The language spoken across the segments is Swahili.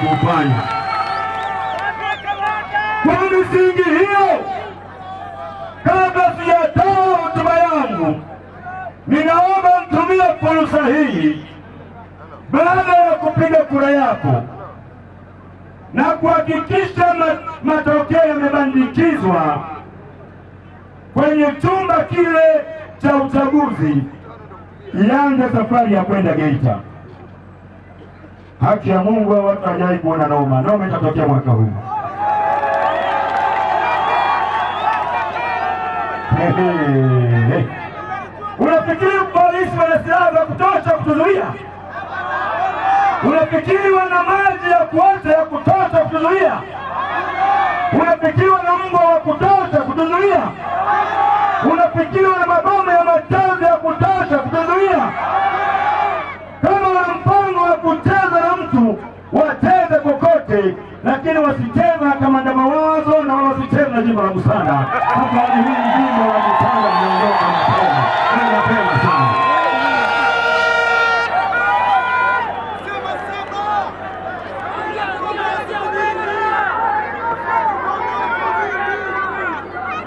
kuupanya. Kwa misingi hiyo, kabla sijatoa hotuba yangu, ninaomba mtumia fursa hii baada ya kupiga kura yako na kuhakikisha matokeo yamebandikizwa kwenye chumba kile cha uchaguzi, ianze safari ya kwenda Geita. Haki ya Mungu hao watu hajawahi kuona noma, noma itatokea mwaka huu. Unafikiri polisi wana silaha za kutosha kutuzuia? Unafikiri wana maji ya kuacha ya kutosha kutuzuia? Unafikiri wana mbwa wa kutosha kutuzuia? Unafikiri wana mabomu ya machozi ya kutosha kutuzuia? wacheze kokote, lakini wasicheze na kamanda Mawazo na wasicheze na jimbo la Busanda. Hapa hili jimbo la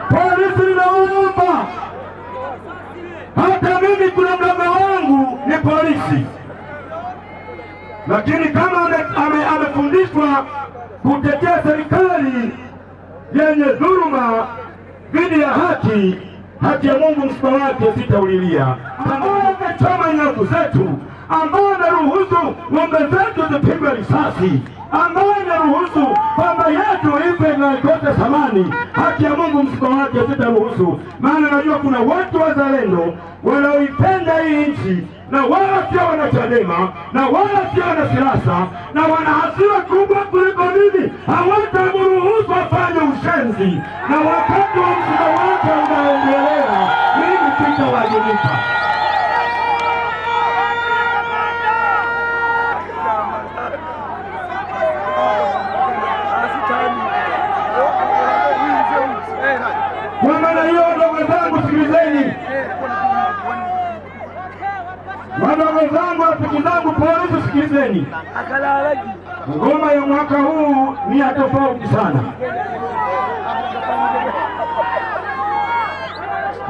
Polisi linaomba, hata mimi kuna mdogo wangu ni polisi lakini kama amefundishwa ame, ame kutetea serikali yenye dhuluma dhidi ya haki haki ya Mungu msiba wake sitaulilia, Ambaye amechoma nyavu zetu, ambayo anaruhusu ng'ombe zetu zipigwe risasi, ambayo anaruhusu pamba yetu ife na ikote samani. Haki ya Mungu msiba wake sitaruhusu, maana najua kuna watu wazalendo wanaoipenda hii nchi na wala sio Chadema na wala sio wanasiasa, na wana hasira kubwa kuliko mimi. Hawatamruhusu afanye ushenzi, na wakati wa msiba wake unaendelea, mimi sitawajibika. Kwa maana hiyo, ndugu zangu, sikilizeni Wadogo zangu rafiki zangu, polisi, tusikilizeni. Ngoma ya mwaka huu ni ya tofauti sana.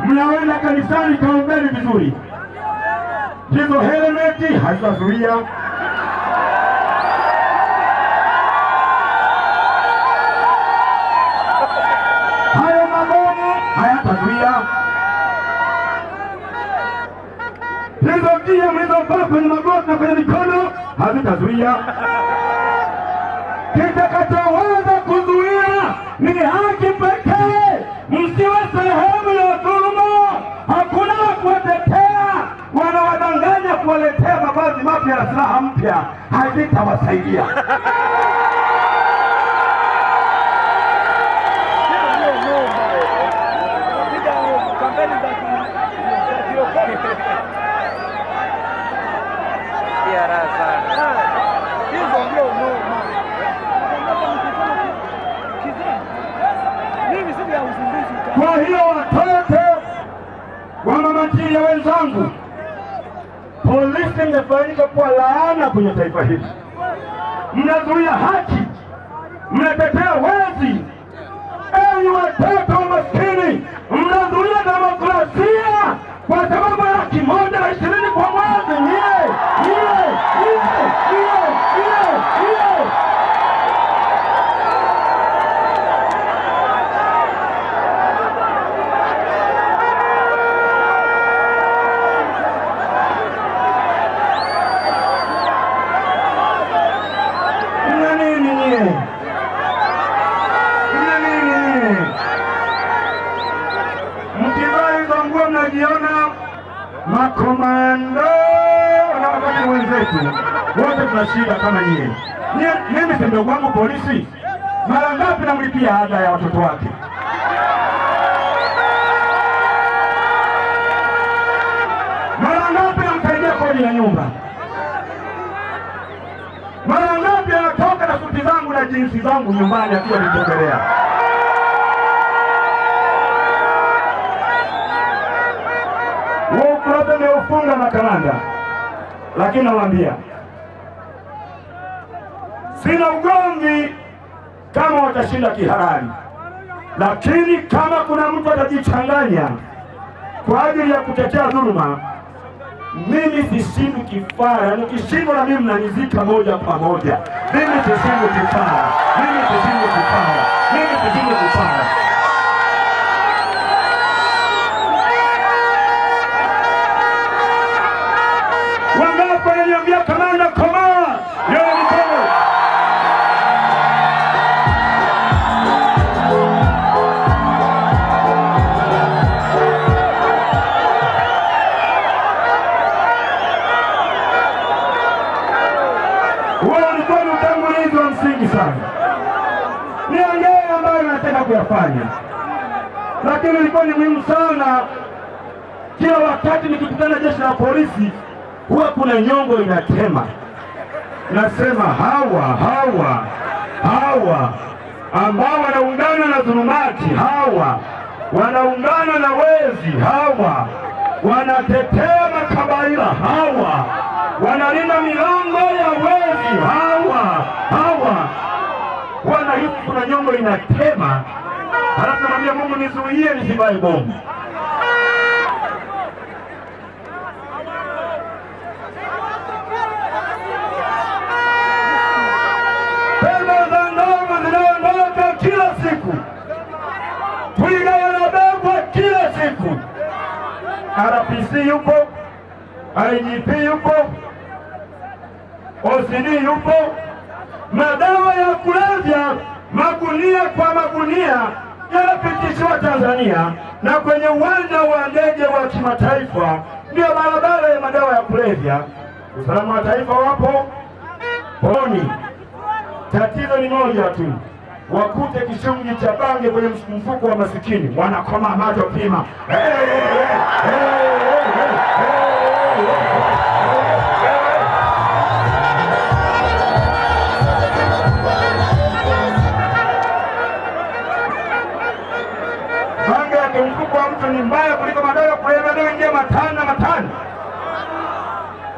Mnaenda kanisani, kaombeni vizuri, hizo helmeti haziwazuia ambavyo kwenye magoti na kwenye mikono havitazuia. Kitakachoweza kuzuia ni haki pekee. Msiwe sehemu ya dhuluma, hakuna kuwatetea. Wanawadanganya kuwaletea mavazi mapya na silaha mpya, hazitawasaidia. wenzangu, zangu, polisi imefanyika kwa laana kwenye taifa hili. Mnazuia haki, mnatetea wezi. Enyi watoto maskini, mnazuia demokrasia kwa sababu ya laki moja ishirini Kondooo na wakati wenzetu wote tuna shida kama nyie. Mimi si mdogo wangu polisi, mara ngapi namlipia ada ya watoto wake? Mara ngapi namsaidia kodi ya nyumba? Mara ngapi anatoka na suti zangu na jinsi zangu nyumbani akiwa nitogelea huo ukurasa na kalanda, lakini nawaambia sina ugomvi kama watashinda kihalali, lakini kama kuna mtu atajichanganya kwa ajili ya kutetea dhuluma, mimi sishindu kifara. Nikishindwa yaani na mimi mnanizika moja kwa moja. Mimi sishindu kifara, mimi sishindu kifara, mimi sishindu kifara. tutafanya, lakini ilikuwa ni muhimu sana. Kila wakati nikikutana jeshi la polisi, huwa kuna nyongo inatema, nasema hawa hawa hawa ambao wanaungana na dhulumati, hawa wanaungana na wezi, hawa wanatetea makabaila, hawa wanalinda milango ya wezi, hawa hawa wana, kuna nyongo inatema. Halafu namwambia Mungu nizuie nisibae bomu. za ndogo zinaondoka kila siku, twiga kila siku. RPC yupo, IGP yupo, OCD yupo, madawa ya kulevya magunia kwa magunia wananchi wa Tanzania, na kwenye uwanja wa ndege wa kimataifa ndio barabara ya madawa ya kulevya. Usalama wa taifa wapo poni. Tatizo ni moja tu, wakute kishungi cha bange kwenye mfuko wa masikini, wanakoma macho pima. Hey, hey, hey, hey, hey.